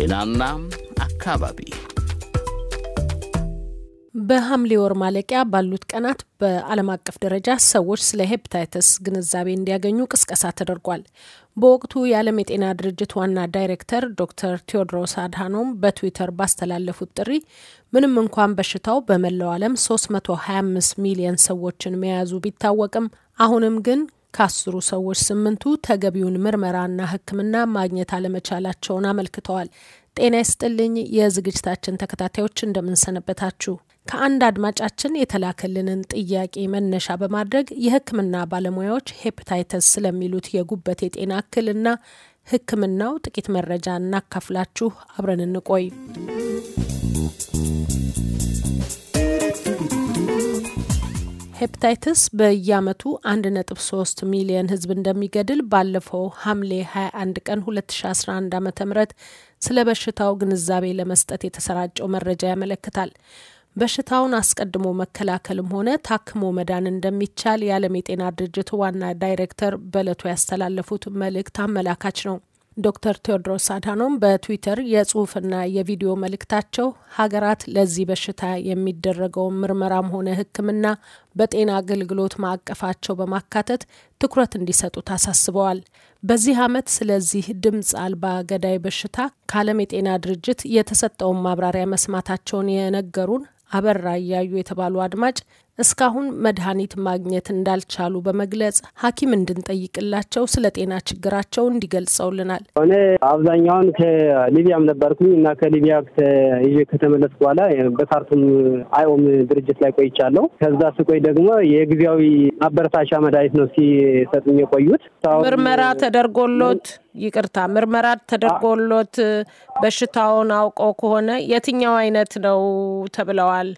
ጤናና አካባቢ በሐምሌ ወር ማለቂያ ባሉት ቀናት በዓለም አቀፍ ደረጃ ሰዎች ስለ ሄፕታይተስ ግንዛቤ እንዲያገኙ ቅስቀሳ ተደርጓል። በወቅቱ የዓለም የጤና ድርጅት ዋና ዳይሬክተር ዶክተር ቴዎድሮስ አድሃኖም በትዊተር ባስተላለፉት ጥሪ ምንም እንኳን በሽታው በመላው ዓለም 325 ሚሊየን ሰዎችን መያዙ ቢታወቅም አሁንም ግን ከአስሩ ሰዎች ስምንቱ ተገቢውን ምርመራና ሕክምና ማግኘት አለመቻላቸውን አመልክተዋል። ጤና ይስጥልኝ የዝግጅታችን ተከታታዮች እንደምንሰነበታችሁ። ከአንድ አድማጫችን የተላከልንን ጥያቄ መነሻ በማድረግ የህክምና ባለሙያዎች ሄፕታይተስ ስለሚሉት የጉበት የጤና እክልና ህክምናው ጥቂት መረጃ እናካፍላችሁ። አብረን እንቆይ። ሄፕታይትስ በየአመቱ 1.3 ሚሊየን ህዝብ እንደሚገድል ባለፈው ሐምሌ 21 ቀን 2011 ዓ ም ስለ በሽታው ግንዛቤ ለመስጠት የተሰራጨው መረጃ ያመለክታል። በሽታውን አስቀድሞ መከላከልም ሆነ ታክሞ መዳን እንደሚቻል የዓለም የጤና ድርጅት ዋና ዳይሬክተር በዕለቱ ያስተላለፉት መልእክት አመላካች ነው። ዶክተር ቴዎድሮስ አድሃኖም በትዊተር የጽሁፍና የቪዲዮ መልእክታቸው ሀገራት ለዚህ በሽታ የሚደረገውን ምርመራም ሆነ ሕክምና በጤና አገልግሎት ማዕቀፋቸው በማካተት ትኩረት እንዲሰጡት አሳስበዋል። በዚህ ዓመት ስለዚህ ድምፅ አልባ ገዳይ በሽታ ከዓለም የጤና ድርጅት የተሰጠውን ማብራሪያ መስማታቸውን የነገሩን አበራ እያዩ የተባሉ አድማጭ እስካሁን መድኃኒት ማግኘት እንዳልቻሉ በመግለጽ ሐኪም እንድንጠይቅላቸው ስለ ጤና ችግራቸው እንዲገልጸውልናል። እኔ አብዛኛውን ከሊቢያም ነበርኩኝ እና ከሊቢያ ይዤ ከተመለስኩ በኋላ በካርቱም አይኦም ድርጅት ላይ ቆይቻለሁ። ከዛ ስቆይ ደግሞ የጊዜያዊ ማበረታቻ መድኃኒት ነው ሲሰጡኝ የቆዩት። ምርመራ ተደርጎሎት ይቅርታ፣ ምርመራ ተደርጎሎት በሽታውን አውቀው ከሆነ የትኛው አይነት ነው ተብለዋል?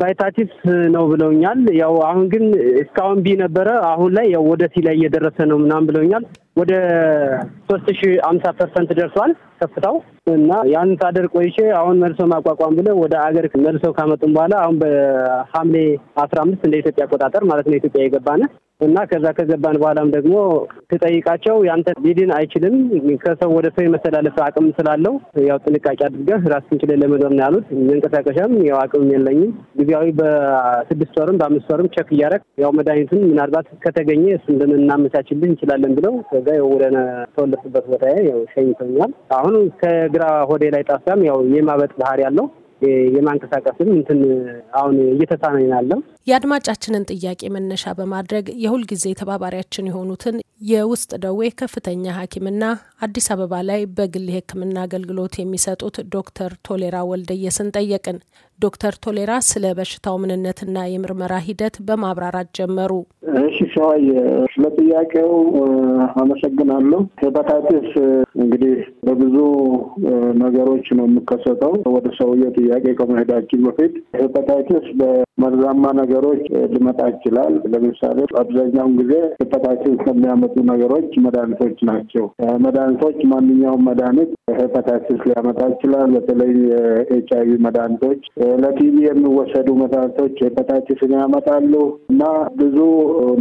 ባይታቲስ ነው ብለውኛል። ያው አሁን ግን እስካሁን ቢ ነበረ፣ አሁን ላይ ያው ወደ ሲ ላይ እየደረሰ ነው ምናምን ብለውኛል። ወደ ሶስት ሺ አምሳ ፐርሰንት ደርሷል ከፍታው እና ያን ሳደር ቆይቼ አሁን መልሶ ማቋቋም ብለ ወደ አገር መልሶ ካመጡም በኋላ አሁን በሐምሌ አስራ አምስት እንደ ኢትዮጵያ አቆጣጠር ማለት ነው ኢትዮጵያ የገባነ እና ከዛ ከገባን በኋላም ደግሞ ትጠይቃቸው ያንተ ሊድን አይችልም ከሰው ወደ ሰው የመተላለፍ አቅም ስላለው ያው ጥንቃቄ አድርገህ ራስን ችለህ ለመኖር ነው ያሉት። መንቀሳቀሻም ያው አቅም የለኝም ጊዜያዊ በስድስት ወርም በአምስት ወርም ቸክ እያረግ ያው መድኃኒቱን ምናልባት ከተገኘ እሱ እንደምናመቻችልህ እንችላለን ብለው ከዛ ያው ወደ ተወለፍበት ቦታ ያው ሸኝተኛል። አሁን ከግራ ሆዴ ላይ ጣፊያም ያው የማበጥ ባህሪ ያለው የማንቀሳቀስም እንትን አሁን እየተሳነኝ ያለው የአድማጫችንን ጥያቄ መነሻ በማድረግ የሁልጊዜ ተባባሪያችን የሆኑትን የውስጥ ደዌ ከፍተኛ ሐኪምና አዲስ አበባ ላይ በግል የሕክምና አገልግሎት የሚሰጡት ዶክተር ቶሌራ ወልደየስን ጠየቅን። ዶክተር ቶሌራ ስለ በሽታው ምንነትና የምርመራ ሂደት በማብራራት ጀመሩ። እሺ ሸዋዬ፣ ስለ ጥያቄው አመሰግናለሁ። ሄፓታይቲስ እንግዲህ በብዙ ነገሮች ነው የሚከሰተው። ወደ ሰውየው ጥያቄ ከመሄዳችን በፊት ሄፓታይትስ በመርዛማ ነገሮች ሊመጣ ይችላል። ለምሳሌ አብዛኛውን ጊዜ ሄፓታይትስ ከሚያመጡ ነገሮች መድኃኒቶች ናቸው። መድኃኒቶች ማንኛውም መድኃኒት ሄፓታይትስ ሊያመጣ ይችላል። በተለይ የኤች አይቪ መድኃኒቶች፣ ለቲቪ የሚወሰዱ መድኃኒቶች ሄፓታይትስን ያመጣሉ እና ብዙ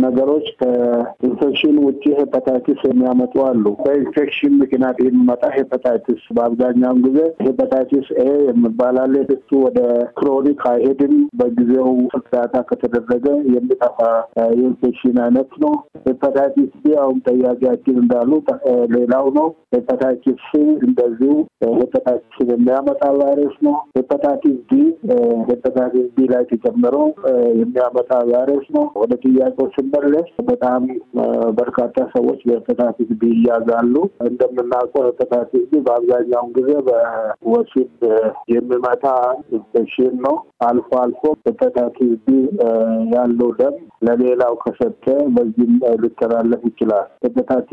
ነገሮች ከኢንፌክሽን ውጭ ሄፓታይትስ የሚያመጡ አሉ። በኢንፌክሽን ምክንያት የሚመጣ ሄፓታይትስ በአብዛኛውን ጊዜ ሄፐታይቲስ ኤ የሚባል አለ። እሱ ወደ ክሮኒክ አይሄድም። በጊዜው እርዳታ ከተደረገ የሚጠፋ የኢንፌክሽን አይነት ነው። ሄፐታይቲስ ቢ አሁን ጠያቂያችን እንዳሉ ሌላው ነው። ሄፐታይቲስ ሲ እንደዚሁ ሄፐታይቲስ የሚያመጣ ቫይረስ ነው። ሄፐታይቲስ ዲ ሄፐታይቲስ ቢ ላይ ተጨምረው የሚያመጣ ቫይረስ ነው። ወደ ጥያቄው ስንመለስ በጣም በርካታ ሰዎች በሄፐታይቲስ ቢ እያዛሉ። እንደምናውቀው ሄፐታይቲስ ቢ በአብዛ አብዛኛውን ጊዜ በወሲብ የሚመጣ ኢንፌክሽን ነው። አልፎ አልፎ በጠቃቂ ያለው ደም ለሌላው ከሰጠ በዚህም ሊተላለፍ ይችላል። በጠቃቂ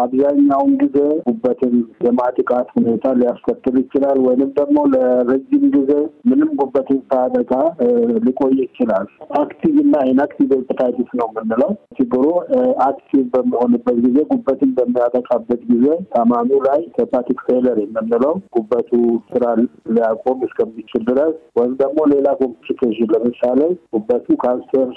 አብዛኛውን ጊዜ ጉበትን የማጥቃት ሁኔታ ሊያስከትል ይችላል። ወይንም ደግሞ ለረጅም ጊዜ ምንም ጉበትን ሳያጠቃ ሊቆይ ይችላል። አክቲቭ እና ኢንአክቲቭ ሄፓታይቲስ ነው የምንለው። ችግሩ አክቲቭ በሚሆንበት ጊዜ፣ ጉበትን በሚያጠቃበት ጊዜ ታማሚ ላይ ሄፓቲክ ፌል ፊለር የምንለው ጉበቱ ስራ ሊያቆም እስከሚችል ድረስ ወይም ደግሞ ሌላ ኮምፕሊኬሽን ለምሳሌ ጉበቱ ካንሰር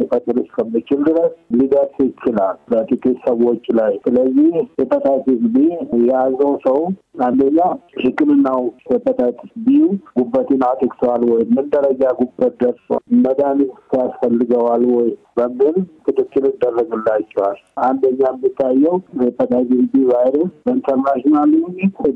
ሊፈጥር እስከሚችል ድረስ ሊደርስ ይችላል በጥቂት ሰዎች ላይ። ስለዚህ ሄፓታይቲስ ቢ የያዘው ሰው አንደኛ ሕክምናው ሄፓታይትስ ቢዩ ጉበትን አጥቅቷል ወይ፣ ምን ደረጃ ጉበት ደርሶ መድኃኒት ያስፈልገዋል ወይ በሚል ክትትል ይደረግላቸዋል። አንደኛ የሚታየው ሄፓታይትስ ቢ ቫይረስ በኢንተርናሽናል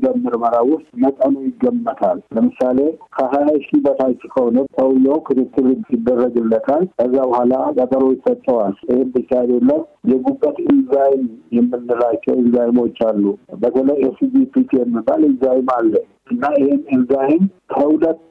ደም ምርመራ ውስጥ መጠኑ ይገመታል። ለምሳሌ ከሀያ ሺህ በታች ከሆነ ሰውየው ክትትል ይደረግለታል። ከዛ በኋላ ቀጠሮ ይሰጠዋል። ይህም ብቻ አይደለም፣ የጉበት ኢንዛይም የምንላቸው ኢንዛይሞች አሉ። በተለይ ኤስጂፒቲ የሚባል ኤንዛይም አለ እና ይህን ኤንዛይም ከሁለት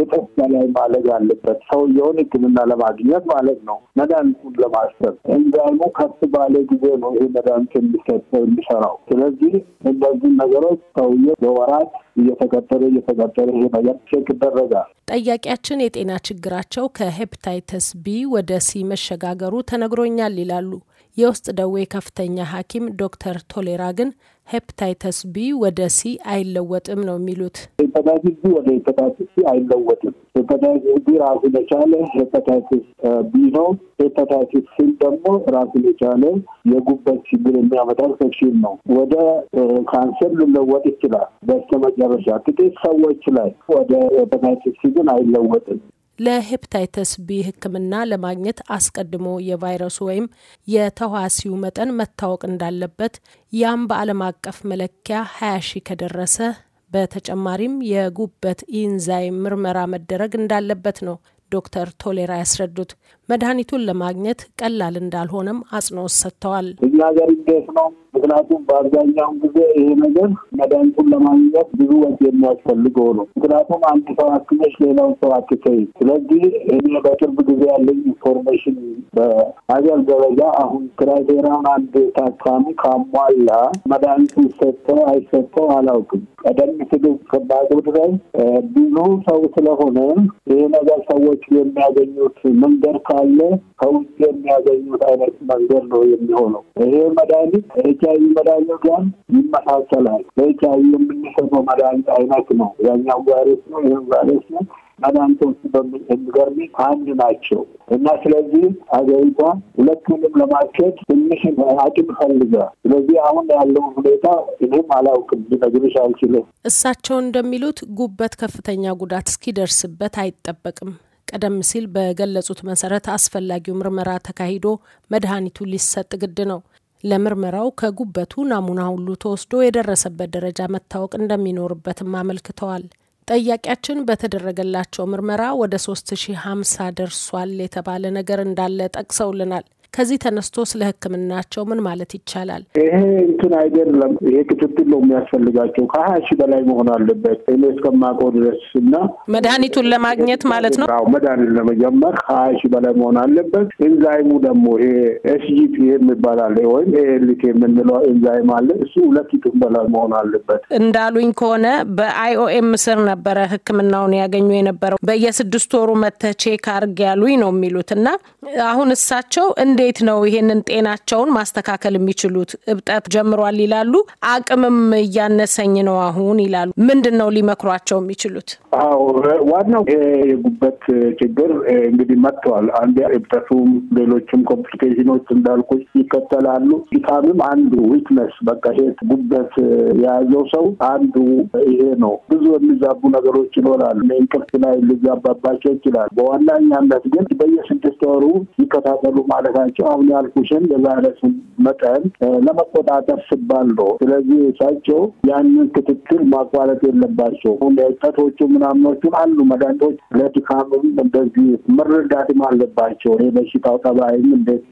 እጥፍ በላይ ማለግ አለበት ሰውየውን ሕክምና ለማግኘት ማለት ነው። መድኃኒቱን ለማሰብ ኤንዛይሙ ከፍ ባለ ጊዜ ነው ይህ መድኃኒት የሚሰጠው የሚሰራው። ስለዚህ እነዚህ ነገሮች ሰውየ በወራት እየተቀጠለ እየተቀጠለ ይሄ ነገር ቼክ ይደረጋል። ጠያቂያችን የጤና ችግራቸው ከሄፕታይተስ ቢ ወደ ሲ መሸጋገሩ ተነግሮኛል ይላሉ። የውስጥ ደዌ ከፍተኛ ሐኪም ዶክተር ቶሌራ ግን ሄፕታይተስ ቢ ወደ ሲ አይለወጥም ነው የሚሉት። ሄፓታይቲስ ቢ ወደ ሄፓታይቲስ ሲ አይለወጥም። ሄፓታይቲስ ቢ ራሱን የቻለ ሄፓታይቲስ ቢ ነው። ሄፓታይቲስ ሲ ደግሞ ራሱን የቻለ የጉበት ችግር የሚያመጣ ኢንፌክሽን ነው። ወደ ካንሰር ልለወጥ ይችላል በስተመጨረሻ ጥቂት ሰዎች ላይ። ወደ ሄፓታይቲስ ሲ ግን አይለወጥም። ለሄፕታይተስ ቢ ሕክምና ለማግኘት አስቀድሞ የቫይረሱ ወይም የተዋሲው መጠን መታወቅ እንዳለበት ያም በዓለም አቀፍ መለኪያ 20 ሺ ከደረሰ በተጨማሪም የጉበት ኢንዛይም ምርመራ መደረግ እንዳለበት ነው ዶክተር ቶሌራ ያስረዱት መድኃኒቱን ለማግኘት ቀላል እንዳልሆነም አጽንኦት ሰጥተዋል። እኛ ገር እንዴት ነው። ምክንያቱም በአብዛኛውን ጊዜ ይሄ ነገር መድኃኒቱን ለማግኘት ብዙ ወጪ የሚያስፈልገው ነው። ምክንያቱም አንድ ሰው አክመሽ ሌላውን ሰው አትሰይ። ስለዚህ እኔ በቅርብ ጊዜ ያለኝ ኢንፎርሜሽን በሀገር ደረጃ አሁን ክራይቴሪያውን አንድ ታካሚ ካሟላ መድኃኒቱ ይሰጠው አይሰጠው አላውቅም ቀደም ሲል ከማገብ ድረስ ብዙ ሰው ስለሆነ ይህ ነገር ሰዎች የሚያገኙት መንገድ ካለ ከውጭ የሚያገኙት አይነት መንገድ ነው የሚሆነው። ይሄ መድኃኒት ኤች አይ ቪ መድኃኒት ጋር ይመሳሰላል። ኤች አይ ቪ የምንሰጠው መድኃኒት አይነት ነው። ያኛው ቫይረስ ነው፣ ይህም ቫይረስ ነው። አዳምቶች በሚገርም አንድ ናቸው እና ስለዚህ አገሪቷ ሁለቱንም ለማስኬድ ትንሽ አቅም ፈልገ ስለዚህ አሁን ያለውን ሁኔታ እኔም አላውቅም ልነግርሽ አልችልም። እሳቸው እንደሚሉት ጉበት ከፍተኛ ጉዳት እስኪደርስበት አይጠበቅም። ቀደም ሲል በገለጹት መሰረት አስፈላጊው ምርመራ ተካሂዶ መድኃኒቱ ሊሰጥ ግድ ነው። ለምርመራው ከጉበቱ ናሙና ሁሉ ተወስዶ የደረሰበት ደረጃ መታወቅ እንደሚኖርበትም አመልክተዋል። ጠያቂያችን በተደረገላቸው ምርመራ ወደ 3050 ደርሷል የተባለ ነገር እንዳለ ጠቅሰውልናል። ከዚህ ተነስቶ ስለ ህክምናቸው ምን ማለት ይቻላል? ይሄ እንትን አይደለም። ይሄ ክትትል ነው የሚያስፈልጋቸው። ከሀያ ሺህ በላይ መሆን አለበት እኔ እስከማውቀው ድረስ እና መድኃኒቱን ለማግኘት ማለት ነው። አዎ መድኃኒት ለመጀመር ከሀያ ሺህ በላይ መሆን አለበት። ኤንዛይሙ ደግሞ ይሄ ኤስጂፒ የሚባል አለ ወይም ኤልቲ የምንለው ኤንዛይም አለ። እሱ ሁለት ጥፍ በላይ መሆን አለበት። እንዳሉኝ ከሆነ በአይኦኤም ስር ነበረ ህክምናውን ያገኙ የነበረው በየስድስት ወሩ መተቼ ካርግ ያሉኝ ነው የሚሉት እና አሁን እሳቸው እንዴት ነው ይሄንን ጤናቸውን ማስተካከል የሚችሉት? እብጠት ጀምሯል ይላሉ፣ አቅምም እያነሰኝ ነው አሁን ይላሉ። ምንድን ነው ሊመክሯቸው የሚችሉት? አዎ ዋናው የጉበት ችግር እንግዲህ መጥተዋል። አንድ እብጠቱም ሌሎችም ኮምፕሊኬሽኖች እንዳልኩ ይከተላሉ። ድካምም አንዱ ዊክነስ በቃ ሄት ጉበት የያዘው ሰው አንዱ ይሄ ነው። ብዙ የሚዛቡ ነገሮች ይኖራሉ። እንቅልፍ ላይ ሊዛባባቸው ይችላል። በዋናኛነት ግን በየስድስት ወሩ ይከታተሉ ማለት ናቸው። አሁን ያልኩሽን የቫይረሱን መጠን ለመቆጣጠር ሲባል ነው። ስለዚህ እሳቸው ያንን ክትትል ማቋረጥ የለባቸው። ጠቶቹ ምናምኖቹን አሉ መድኃኒቶች ለድካምም እንደዚህ መረዳትም አለባቸው። ይህ በሽታው ጠባይም እንዴት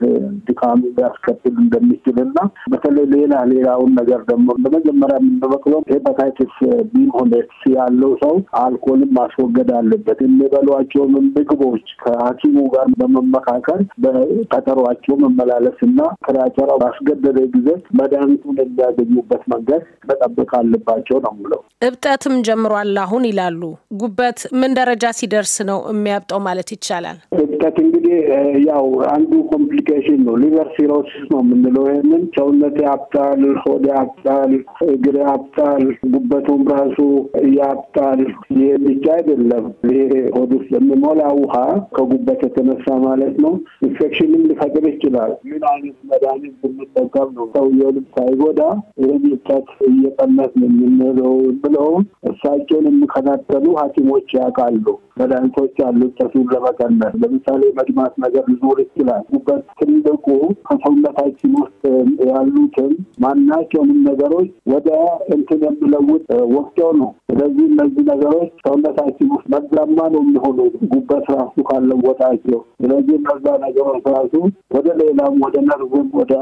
ድካም ሊያስከትል እንደሚችል እና በተለይ ሌላ ሌላውን ነገር ደግሞ በመጀመሪያ የምንበክለው ሄፓታይትስ ቢ ሆኔት ያለው ሰው አልኮልም ማስወገድ አለበት። የሚበሏቸውም ምግቦች ከሐኪሙ ጋር በመመካከል በቀጠሮ አጠገባቸው መመላለስ እና ከዳቸራ ባስገደደ ጊዜ መድኃኒቱ የሚያገኙበት መንገድ መጠበቅ አለባቸው ነው ምለው። እብጠትም ጀምሯል አሁን ይላሉ። ጉበት ምን ደረጃ ሲደርስ ነው የሚያብጠው ማለት ይቻላል? እብጠት እንግዲህ ያው አንዱ ኮምፕሊኬሽን ነው። ሊቨር ሲሮሲስ ነው የምንለው። ይህንን ሰውነት ያብጣል፣ ሆድ ያብጣል፣ እግር ያብጣል፣ ጉበቱም ራሱ ያብጣል። ይህ ብቻ አይደለም። ይሄ ሆድ ውስጥ የሚሞላ ውሃ ከጉበት የተነሳ ማለት ነው ኢንፌክሽንም ሊፈጥር ይችላል። ምን አይነት መድኃኒት ብንጠቀም ነው ሰውየውንም ሳይጎዳ ይህን ልጠት እየቀነስ የምንለው ብለውም እሳቸውን የሚከታተሉ ሐኪሞች ያውቃሉ። መድኃኒቶች አሉ፣ ጥረቱን ለመቀነስ ለምሳሌ መድማት ነገር ሊኖር ይችላል። ጉበት ትልቁ ከሰውነታችን ውስጥ ያሉትን ማናቸውንም ነገሮች ወደ እንትን የሚለውጥ ወፍጮ ነው። ስለዚህ እነዚህ ነገሮች ሰውነታችን ውስጥ መዛማ ነው የሚሆኑ ጉበት ራሱ ካለወጣቸው። ስለዚህ እነዛ ነገሮች ራሱ ወደ ሌላም ወደ ነርቭም ወደ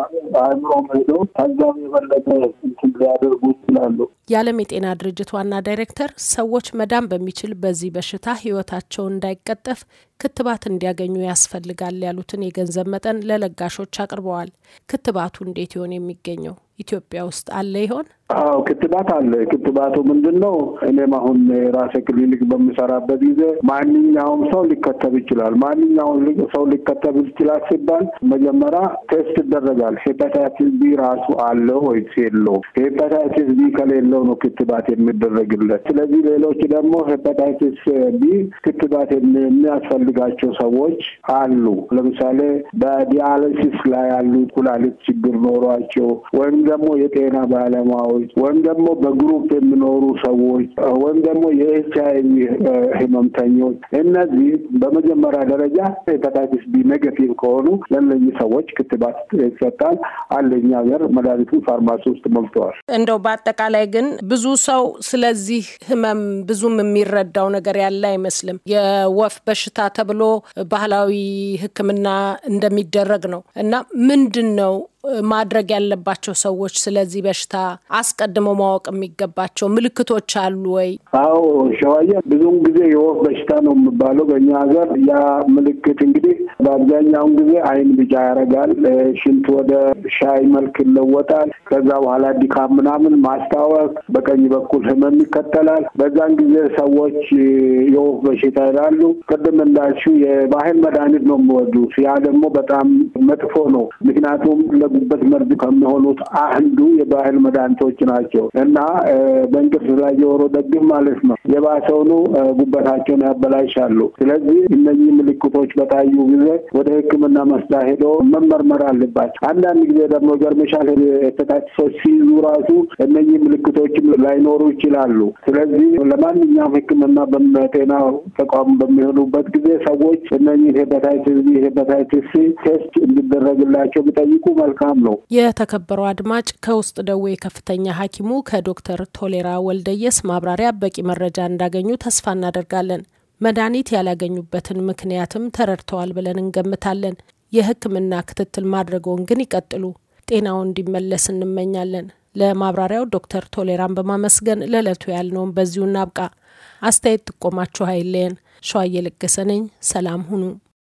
አእምሮ ሄዶ ከዛም የበለጠ እንትን ሊያደርጉ ይችላሉ። የዓለም የጤና ድርጅት ዋና ዳይሬክተር ሰዎች መዳን በሚችል በዚህ በሽታ ህይወታቸውን እንዳይቀጠፍ ክትባት እንዲያገኙ ያስፈልጋል ያሉትን የገንዘብ መጠን ለለጋሾች አቅርበዋል። ክትባቱ እንዴት ይሆን የሚገኘው? ኢትዮጵያ ውስጥ አለ ይሆን? አዎ ክትባት አለ። ክትባቱ ምንድን ነው? እኔም አሁን የራሴ ክሊኒክ በምሰራበት ጊዜ ማንኛውም ሰው ሊከተብ ይችላል። ማንኛውም ሰው ሊከተብ ይችላል ሲባል መጀመሪያ ቴስት ይደረጋል። ሄፓታይቲስ ቢ ራሱ አለ ወይስ የለው? ሄፓታይቲስ ቢ ከሌለው ነው ክትባት የሚደረግለት። ስለዚህ ሌሎች ደግሞ ሄፓታይቲስ ቢ ክትባት የሚያስፈልጋቸው ሰዎች አሉ። ለምሳሌ በዲያሊሲስ ላይ ያሉ ኩላሊት ችግር ኖሯቸው ወይም ደግሞ የጤና ባለሙያዎች ወይም ደግሞ በግሩፕ የሚኖሩ ሰዎች ወይም ደግሞ የኤች ህመምተኞች እነዚህ በመጀመሪያ ደረጃ ሄፓታይቲስ ቢ ኔጋቲቭ ከሆኑ ለእነዚህ ሰዎች ክትባት ይሰጣል። አንደኛ ሀገር መድኃኒቱን ፋርማሲ ውስጥ ሞልተዋል። እንደው በአጠቃላይ ግን ብዙ ሰው ስለዚህ ህመም ብዙም የሚረዳው ነገር ያለ አይመስልም። የወፍ በሽታ ተብሎ ባህላዊ ሕክምና እንደሚደረግ ነው እና ምንድን ነው ማድረግ ያለባቸው ሰዎች ስለዚህ በሽታ አስቀድመው ማወቅ የሚገባቸው ምልክቶች አሉ ወይ? አዎ ሸዋየ፣ ብዙውን ጊዜ የወፍ በሽታ ነው የሚባለው በእኛ ሀገር። ያ ምልክት እንግዲህ በአብዛኛውን ጊዜ አይን ቢጫ ያደርጋል፣ ሽንት ወደ ሻይ መልክ ይለወጣል። ከዛ በኋላ ድካም ምናምን፣ ማስታወክ፣ በቀኝ በኩል ህመም ይከተላል። በዛን ጊዜ ሰዎች የወፍ በሽታ ይላሉ። ቅድም እንዳልሽው የባህል መድኃኒት ነው የሚወዱት። ያ ደግሞ በጣም መጥፎ ነው። ምክንያቱም የሚጠቀሙበት መርድ ከሚሆኑት አንዱ የባህል መድኃኒቶች ናቸው እና በእንቅርት ላይ የወሮ ደግም ማለት ነው። የባሰውኑ ጉበታቸውን ያበላሻሉ። ስለዚህ እነዚህ ምልክቶች በታዩ ጊዜ ወደ ሕክምና መስላ ሄዶ መመርመር አለባቸው። አንዳንድ ጊዜ ደግሞ ገርመሻል የተታችሶች ሲይዙ ራሱ እነዚህ ምልክቶችም ላይኖሩ ይችላሉ። ስለዚህ ለማንኛውም ሕክምና በጤና ተቋም በሚሆኑበት ጊዜ ሰዎች እነዚህ ሄፓታይቲስ ቢ፣ ሄፓታይቲስ ሲ ቴስት እንዲደረግላቸው ቢጠይቁ መልካም መልካም ነው። የተከበሩ አድማጭ ከውስጥ ደዌ ከፍተኛ ሐኪሙ ከዶክተር ቶሌራ ወልደየስ ማብራሪያ በቂ መረጃ እንዳገኙ ተስፋ እናደርጋለን። መድኃኒት ያላገኙበትን ምክንያትም ተረድተዋል ብለን እንገምታለን። የሕክምና ክትትል ማድረገውን ግን ይቀጥሉ። ጤናው እንዲመለስ እንመኛለን። ለማብራሪያው ዶክተር ቶሌራን በማመስገን ለዕለቱ ያልነውን በዚሁ እናብቃ። አስተያየት ጥቆማችሁ አይለየን። ሸዋዬ ለገሰ ነኝ። ሰላም ሁኑ።